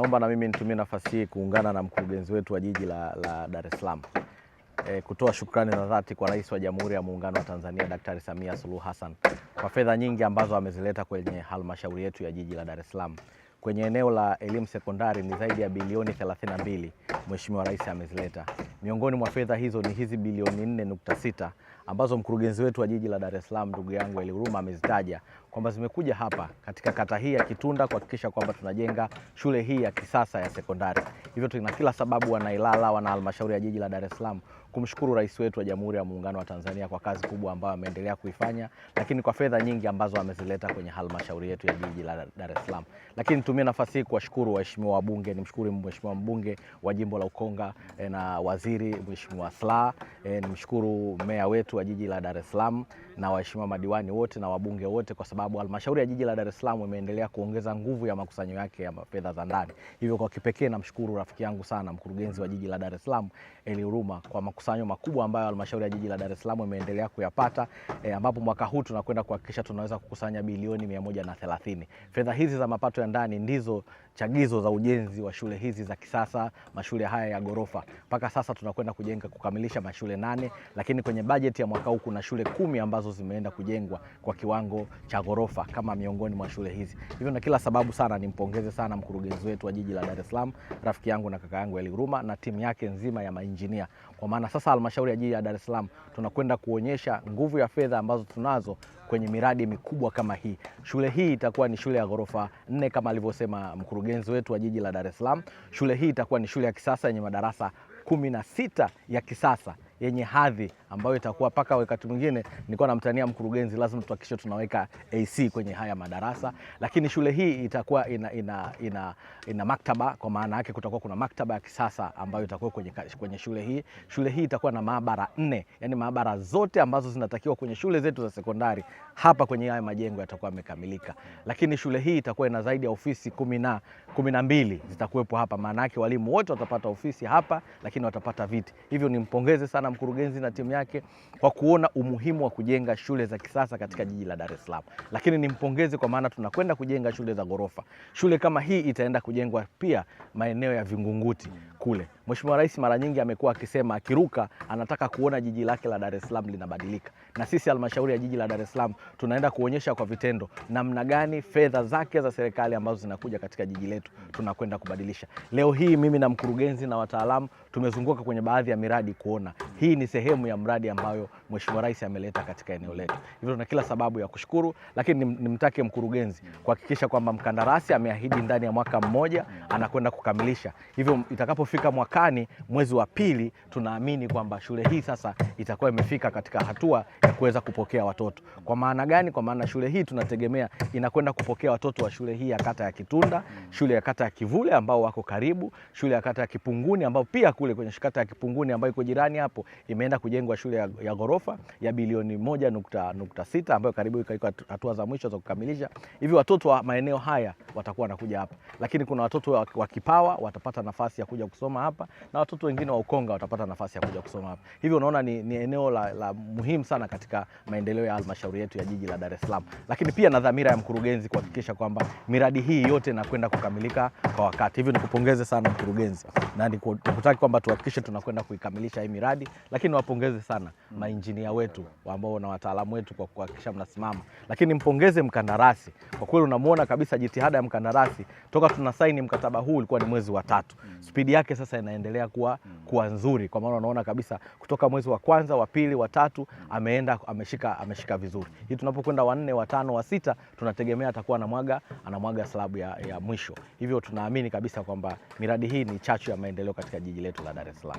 Naomba na mimi nitumie nafasi hii kuungana na mkurugenzi wetu wa jiji la, la Dar es Salaam e, kutoa shukrani za dhati kwa Rais wa Jamhuri ya Muungano wa Tanzania Daktari Samia Suluhu Hassan kwa fedha nyingi ambazo amezileta kwenye halmashauri yetu ya jiji la Dar es Salaam kwenye eneo la elimu sekondari ni zaidi ya bilioni 32 Mheshimiwa Rais amezileta. Miongoni mwa fedha hizo ni hizi bilioni 4.6 ambazo mkurugenzi wetu wa jiji la Dar es Salaam ndugu yangu Eli Huruma amezitaja kwamba zimekuja hapa katika kata hii ya Kitunda kuhakikisha kwamba tunajenga shule hii ya kisasa ya sekondari. Hivyo tuna kila sababu wanailala, wana halmashauri ya jiji la Dar es Salaam kumshukuru rais wetu wa Jamhuri ya Muungano wa Tanzania kwa kazi kubwa ambayo ameendelea kuifanya, lakini kwa fedha nyingi ambazo amezileta kwenye halmashauri yetu ya jiji la Dar es Salaam. Lakini tumie nafasi hii kuwashukuru waheshimiwa wabunge, nimshukuru mheshimiwa mbunge wa jimbo la Ukonga eh, na waziri waziri Mheshimiwa Sla E, nimshukuru meya wetu wa jiji la Dar es Salaam na waheshimiwa madiwani wote na wabunge wote, kwa sababu halmashauri ya jiji la Dar es Salaam imeendelea kuongeza nguvu ya makusanyo yake ya fedha za ndani. Hivyo kwa kipekee namshukuru rafiki yangu sana mkurugenzi wa jiji la Dar es Salaam Eli Huruma kwa makusanyo makubwa ambayo halmashauri ya jiji la Dar es Salaam imeendelea kuyapata, e, ambapo mwaka huu tunakwenda kuhakikisha tunaweza kukusanya bilioni 130. Fedha hizi za mapato ya ndani ndizo chagizo za ujenzi wa shule hizi za kisasa, mashule haya ya ghorofa. Mpaka sasa tunakwenda kujenga kukamilisha mashule nane, lakini kwenye bajeti ya mwaka huu kuna shule kumi ambazo zimeenda kujengwa kwa kiwango cha ghorofa kama miongoni mwa shule hizi. Hivyo na kila sababu sana nimpongeze sana mkurugenzi wetu wa jiji la Dar es Salaam, rafiki yangu na kaka yangu Eli Huruma na timu yake nzima ya mainjinia, kwa maana sasa halmashauri ya jiji la Dar es Salaam tunakwenda kuonyesha nguvu ya fedha ambazo tunazo kwenye miradi mikubwa kama hii. Shule hii itakuwa ni shule ya ghorofa nne kama alivyosema mkurugenzi wetu wa jiji la Dar es Salaam. Shule hii itakuwa ni shule ya kisasa yenye madarasa kumi na sita ya kisasa yenye hadhi ambayo itakuwa paka wakati mwingine nilikuwa namtania mkurugenzi, lazima tuhakikishe tunaweka AC kwenye haya madarasa, lakini shule hii itakuwa ina, ina, ina, ina maktaba. Kwa maana yake kutakuwa kuna maktaba ya kisasa ambayo itakuwa kwenye, kwenye shule hii. Shule hii itakuwa na maabara nne, yani maabara zote ambazo zinatakiwa kwenye shule zetu za sekondari hapa kwenye haya majengo yatakuwa yamekamilika, lakini shule hii itakuwa ina zaidi ya ofisi kumi na kumi na mbili zitakuwepo hapa. Maana yake walimu wote watapata ofisi hapa, lakini watapata viti. Hivyo nimpongeze sana mkurugenzi na timu yake kwa kuona umuhimu wa kujenga shule za kisasa katika jiji la Dar es Salaam. Lakini nimpongeze kwa maana tunakwenda kujenga shule za ghorofa. Shule kama hii itaenda kujengwa pia maeneo ya Vingunguti kule. Mheshimiwa Rais mara nyingi amekuwa akisema akiruka anataka kuona jiji lake la Dar es Salaam linabadilika, na sisi halmashauri ya jiji la Dar es Salaam tunaenda kuonyesha kwa vitendo namna gani fedha zake za serikali ambazo zinakuja katika jiji letu tunakwenda kubadilisha. Leo hii mimi na mkurugenzi na wataalamu tumezunguka kwenye baadhi ya miradi kuona hii ni sehemu ya mradi ambayo Mheshimiwa Rais ameleta katika eneo letu, hivyo tuna kila sababu ya kushukuru, lakini nimtake mkurugenzi kuhakikisha kwamba mkandarasi ameahidi ndani ya mwaka mmoja anakwenda kukamilisha. Hivyo itakapofika mwakani mwezi wa pili, tunaamini kwamba shule hii sasa itakuwa imefika katika hatua ya kuweza kupokea watoto. Kwa maana gani? Kwa maana shule hii tunategemea inakwenda kupokea watoto wa shule hii ya kata ya Kitunda, shule ya kata ya Kivule ambao wako karibu, shule ya kata ya Kipunguni ambao pia kule kwenye kata ya Kipunguni ambayo iko jirani hapo imeenda kujengwa shule ya, ya ghorofa ya bilioni moja nukta, nukta sita ambayo karibu iko hatua za mwisho za kukamilisha. Hivyo watoto wa maeneo haya watakuwa wanakuja hapa, lakini kuna watoto wa wa Kipawa watapata nafasi ya kuja kusoma hapa na watoto wengine wa Ukonga watapata nafasi ya kuja kusoma hapa. Hivyo unaona ni, ni eneo la, la muhimu sana katika maendeleo ya halmashauri yetu ya jiji la Dar es Salaam, lakini pia na dhamira ya mkurugenzi kuhakikisha kwamba miradi hii yote inakwenda kukamilika kwa wakati. Hivyo nikupongeze sana mkurugenzi, na nikutaki kwamba tuhakikishe tunakwenda kuikamilisha hii miradi, lakini wapongeze sana mainjinia wetu ambao na wataalamu wetu kwa kuhakikisha mnasimama, lakini mpongeze mkandarasi kwa kweli, unamwona kabisa jitihada ya mkandarasi toka tuna saini mkataba saba huu ulikuwa ni mwezi wa tatu. Mm. Spidi yake sasa inaendelea kuwa, mm. kuwa nzuri, kwa maana unaona kabisa kutoka mwezi wa kwanza, wa pili, wa tatu mm. ameenda ameshika, ameshika vizuri. Hii tunapokwenda wa nne, wa tano, wa sita tunategemea atakuwa anamwaga anamwaga slabu ya, ya mwisho. Hivyo tunaamini kabisa kwamba miradi hii ni chachu ya maendeleo katika jiji letu la Dar es Salaam.